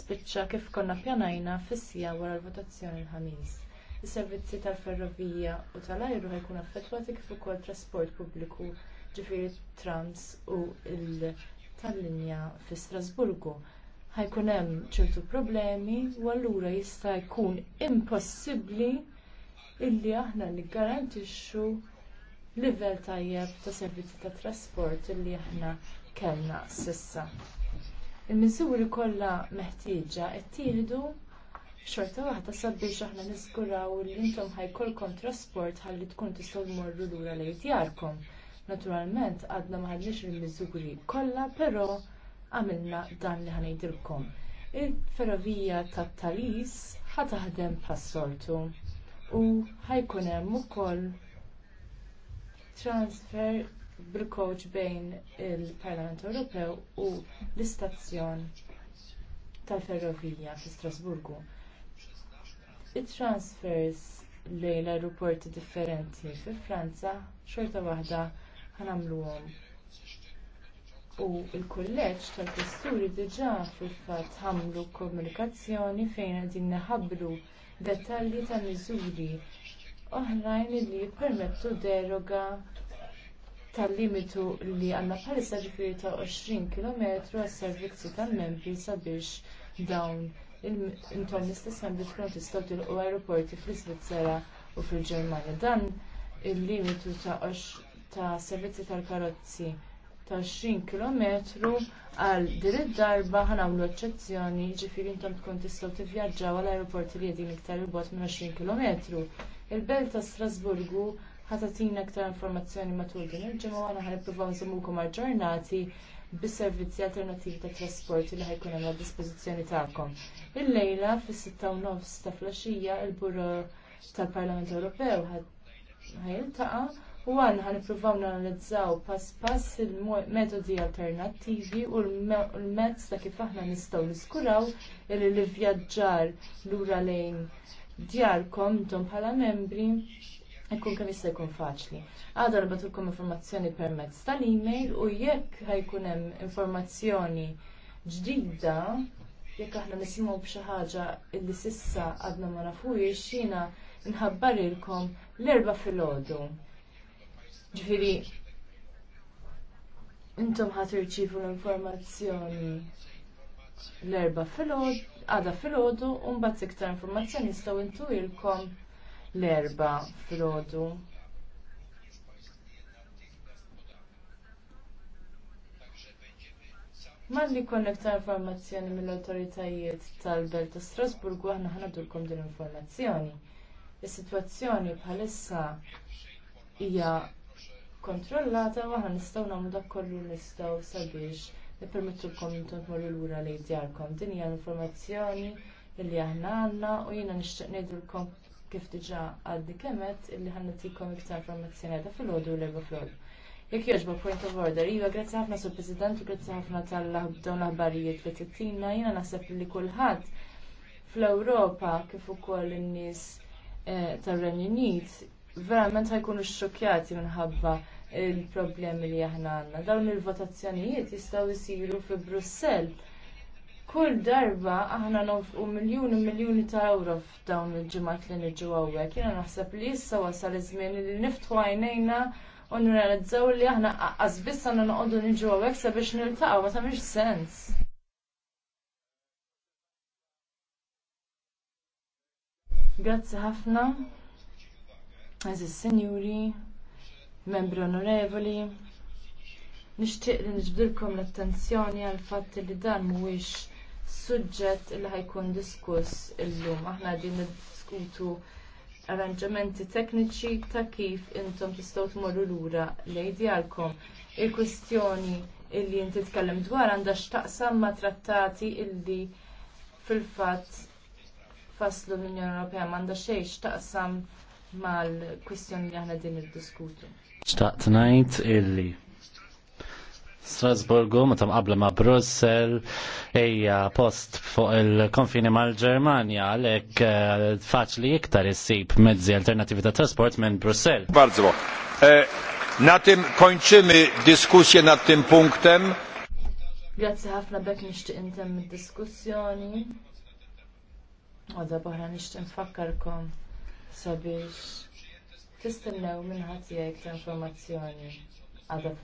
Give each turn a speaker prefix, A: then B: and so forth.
A: spiċċa kif konna pjanajna fis-sija wara l-votazzjoni l-ħamis. Is-servizzi tal-ferrovija u tal-ajru ħajkun affettwati kif ukoll trasport pubbliku ġifieri trams u l tal-linja fi Strasburgu. Ħajkun hemm ċertu problemi u allura jista' jkun impossibbli illi aħna niggarantixxu livell tajjeb ta' servizzi tat trasport illi aħna kellna s'issa il-miżuri kollha meħtieġa qed tieħdu xorta waħda sabiex aħna niskuraw li intom ħajkolkom trasport ħalli tkun tistgħu tmorru lura lejn djarkom. Naturalment għadna ma ħadniex il-miżuri kollha, però għamilna dan li ħanejdilkom. Il-ferrovija tat Talis ħataħdem pas-soltu u ħajkun hemm ukoll transfer bil-coach bejn il-Parlament Ewropew u l-istazzjon tal-ferrovija fi Strasburgu. It-transfers lejn l-aeroporti differenti fi Franza xorta waħda ħanamluhom. U l kulleġġ tal-Kosturi diġà fil-fatt ħamlu komunikazzjoni fejn qegħdin naħablu dettalji ta' miżuri oħrajn li jippermettu deroga tal-limitu li għandna bħalissa ġifieri ta' 20 km għas-servizzi tal-membri sabiex dawn intom l-istess membri tkun tistgħu tilqu ajruporti fl-Iżvizzera u fil-Ġermanja. Dan il-limitu ta' servizzi tal-karozzi ta' 20 km għal din id-darba ħanamlu eċċezzjoni jiġifieri intom tkun tistgħu tivvjaġġaw għal ajruporti li qegħdin iktar il-bot minn 20 km. Il-Belt ta' Strasburgu ħatatina aktar informazzjoni matul din il-ġimgħa aħna ħanippruvaw nsemmukom aġġornati bis-servizzi alternattivi tat trasport li ħajkun hemm dispożizzjoni tagħkom. Illejla fis-6 nofs ta' flaxija il-Buro tal-Parlament Ewropew ħajiltaqa' u aħna ħanippruvaw nanalizzaw pass pass il-metodi alternattivi u l-mezz ta' kif aħna nistgħu niskuraw il-vjaġġar lura lejn djarkom intom bħala membri ħajkun kemm jista' jkun faċli. Għadha rabatulkom informazzjoni permezz tal-email u jekk ħajkun hemm informazzjoni ġdida jekk aħna nisimgħu b'xi ħaġa li sissa għadna ma nafuhiex jiena nħabbarilkom l-erba' filgħodu. Ġifieri intom ħadd irċievu l-informazzjoni l-erba' filgħodu, għada filgħodu u mbagħad iktar informazzjoni jistgħu intuilkom l-erba frodu. Malli konnekta informazzjoni mill awtoritajiet tal-Belt ta' Strasburgu aħna ħanadulkom din l-informazzjoni. Is-sitwazzjoni bħalissa hija kontrollata u aħna nistgħu nagħmlu dak kollu nistgħu sabiex nippermettulkom intom tmorru lura lejn djarkom. Din hija l-informazzjoni li aħna għandna u jiena nixtieq ngħidulkom kif diġà għaddi kemet illi ħannetikom iktar informazzjoni għadha fil-ħodu l-erba fil-ħodu. Jek joġba point of order, iva grazzi ħafna sur President u grazzi ħafna tal-dawn l-ħabarijiet li tittina, jina naħseb li kulħadd fl-Ewropa kif ukoll in-nies eh, tar-Renju Unit verament ħajkunu xxokkjati minħabba il-problemi li aħna għandna. Dawn il-votazzjonijiet jistgħu jsiru fi Brussell kull darba aħna nofqu miljuni miljuni ta' euro f'dawn il-ġimgħat li niġu hawnhekk. Jiena naħseb li issa wasal iż-żmien li niftħu għajnejna u nirrealizzaw li aħna qaqqas biss għandna noqogħdu niġu hawnhekk sabiex niltaqgħu ma tagħmilx sens. Grazzi ħafna. Eżis sinjuri, membri onorevoli, nixtieq li nġbdilkom l-attenzjoni għal fatt li dan mhuwiex suġġett li ħajkun diskuss illum. Aħna din niddiskutu arranġamenti tekniċi ta' kif intom tistgħu tmorru lura lejdjalkom. Il-kwistjoni illi inti tkellem dwar għandha x'taqsam ma' trattati illi fil-fatt faslu l-Unjoni Ewropea m'għandha xejn x'taqsam mal-kwistjoni li aħna din niddiskutu. Xtaqt ngħid illi Strasburgu ma tam qabla ma' Brussel eja post fuq il-konfini mal germania għalek eh, faċli iktar issib mezzi alternativi ta' trasport minn Brussel. Bardzo. Eh, natim tym kończymy dyskusję nad tym punktem. Grazie ħafna bek nixtieq intem diskussjoni Għadha boħra nixtieq nfakkarkom sabiex tistennew minn ħadd jgħid informazzjoni għadha